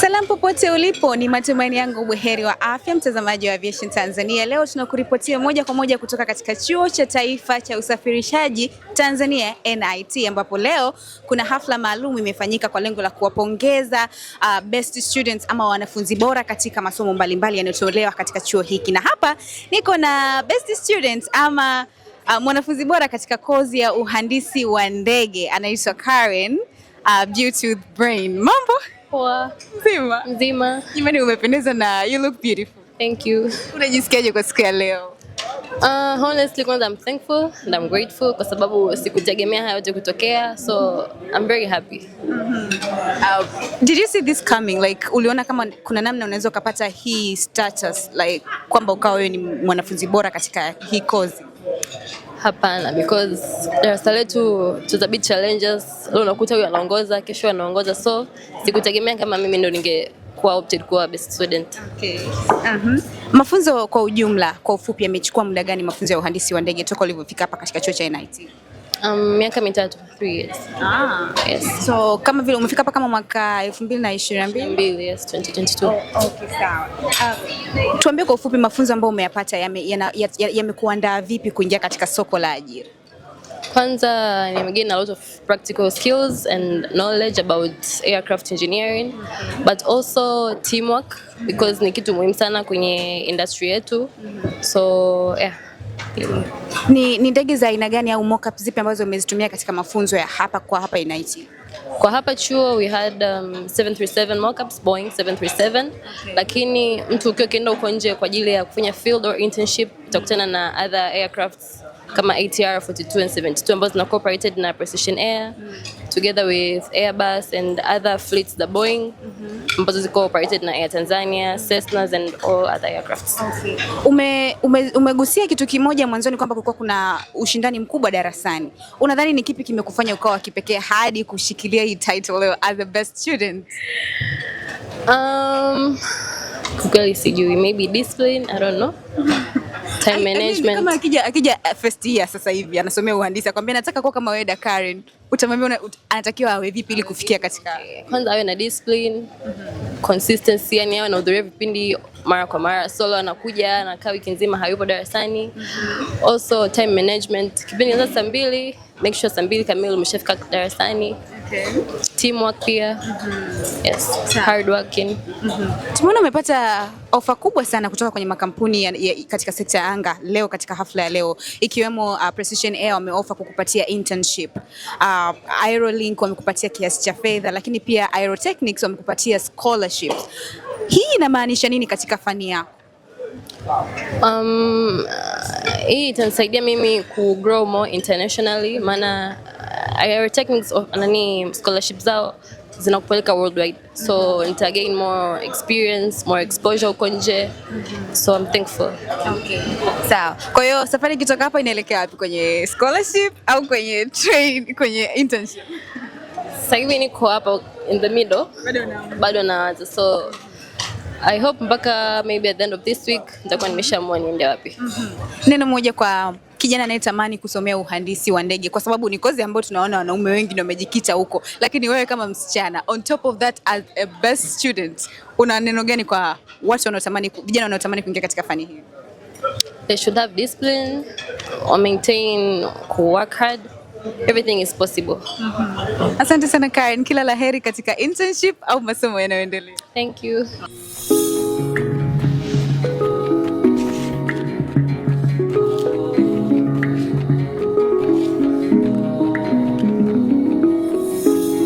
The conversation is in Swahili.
salam popote ulipo, ni matumaini yangu buheri wa afya, mtazamaji wa Aviation Tanzania. Leo tunakuripotia moja kwa moja kutoka katika Chuo cha Taifa cha Usafirishaji Tanzania NIT, ambapo leo kuna hafla maalum imefanyika kwa lengo la kuwapongeza uh, best students ama wanafunzi bora katika masomo mbalimbali yanayotolewa katika chuo hiki, na hapa niko na best students ama uh, mwanafunzi bora katika kozi ya uhandisi wa ndege anaitwa Karen uh, Beauty Brain. Mambo Poa. Mzima? Mzima. Jamani umependeza na you look beautiful. Thank you. Unajisikiaje kwa siku ya leo? Uh, honestly kwanza I'm thankful and I'm grateful kwa sababu sikutegemea haya yote kutokea so I'm very happy. Mm -hmm. Uh, did you see this coming? Like uliona kama kuna namna unaweza ukapata hii status like kwamba ukawa wewe ni mwanafunzi bora katika hii course? Hapana, because darasa letu tutabidi challenges. Leo unakuta huyu anaongoza, kesho anaongoza, so sikutegemea kama mimi ndo ningekuwa opted kuwa best student. Okay. Uh -huh. Mafunzo kwa ujumla, kwa ufupi, yamechukua muda gani mafunzo ya uhandisi wa ndege toka ulivyofika hapa katika chuo cha NIT? Um, miaka mitatu, three years. Ah. Yes. So kama vile umefika hapa kama mwaka 2022. Yes, 2022. Oh, okay, sawa. Uh, tuambie kwa ufupi mafunzo ambayo umeyapata yamekuandaa ya, ya, ya vipi kuingia katika soko la ajira? Kwanza nimegain a lot of practical skills and knowledge about aircraft engineering mm -hmm. but also teamwork because mm -hmm. ni kitu muhimu sana kwenye industry yetu. mm -hmm. So yeah. Ni, ni ndege za aina gani au mock up zipi ambazo umezitumia katika mafunzo ya hapa kwa hapa inaiti Kwa hapa chuo we had um, 737 mockups, Boeing 737 okay. Lakini mtu ukiwa ukienda huko nje kwa ajili ya kufanya field or internship utakutana na other aircrafts kama ATR 42 and 72 ambazo zina cooperated na Precision Air together with Airbus and other fleets the Boeing ambazo ziko cooperated na Air Tanzania, Cessnas and all other aircrafts. Okay. Ume, ume, umegusia kitu kimoja mwanzoni kwamba kulikuwa kuna ushindani mkubwa darasani. Unadhani ni kipi kimekufanya ukawa kipekee hadi kushikilia hii title leo as the best student? Um, kweli sijui, maybe discipline, I don't know time yaani, yaani, management. Kama akija akija eh, first year sasa hivi anasomea uhandisi akwambia nataka kuwa kama wewe da Karen, utamwambia ut, anatakiwa awe vipi ili kufikia katika kwanza awe na discipline, mm -hmm. consistency, yani awe anahudhuria vipindi mara kwa mara, solo anakuja anakaa wiki nzima hayupo darasani. mm -hmm. Also time management, kipindi kwanza saa mbili make sure saa mbili kamili umeshafika darasani. Okay. Teamwork pia. Mm -hmm. Yes. Hard working. Mm -hmm. Tumeona umepata ofa kubwa sana kutoka kwenye makampuni ya, ya, katika sekta ya anga leo katika hafla ya leo ikiwemo uh, Precision Air wameofa kukupatia internship. Uh, Aerolink wamekupatia kiasi cha fedha lakini pia Aerotechnics wamekupatia scholarship. Hii inamaanisha nini katika fani yako? Um, hii itanisaidia mimi ku grow more internationally maana of uh, nani scholarship zao zinakupeleka worldwide so mhm. nita gain more experience more exposure huko nje so I'm thankful. Okay. Sawa. Kwa hiyo safari ikitoka hapa inaelekea wapi kwenye scholarship au kwenye train, kwenye internship? Sasa hivi niko hapa in the middle. Bado naanza so I hope mpaka maybe at the end of this week nitakuwa nimeshaamua niende wapi. Mhm. Neno moja kwa kijana anayetamani kusomea uhandisi wa ndege, kwa sababu ni kozi ambayo tunaona wanaume wengi ndio wamejikita huko, lakini wewe kama msichana, on top of that as a best student, una neno gani kwa watu wanaotamani, vijana wanaotamani kuingia katika fani hii? They should have discipline, or maintain, work hard. Everything is possible. Mm -hmm. Asante sana Karen, kila laheri katika internship au masomo yanayoendelea. Thank you.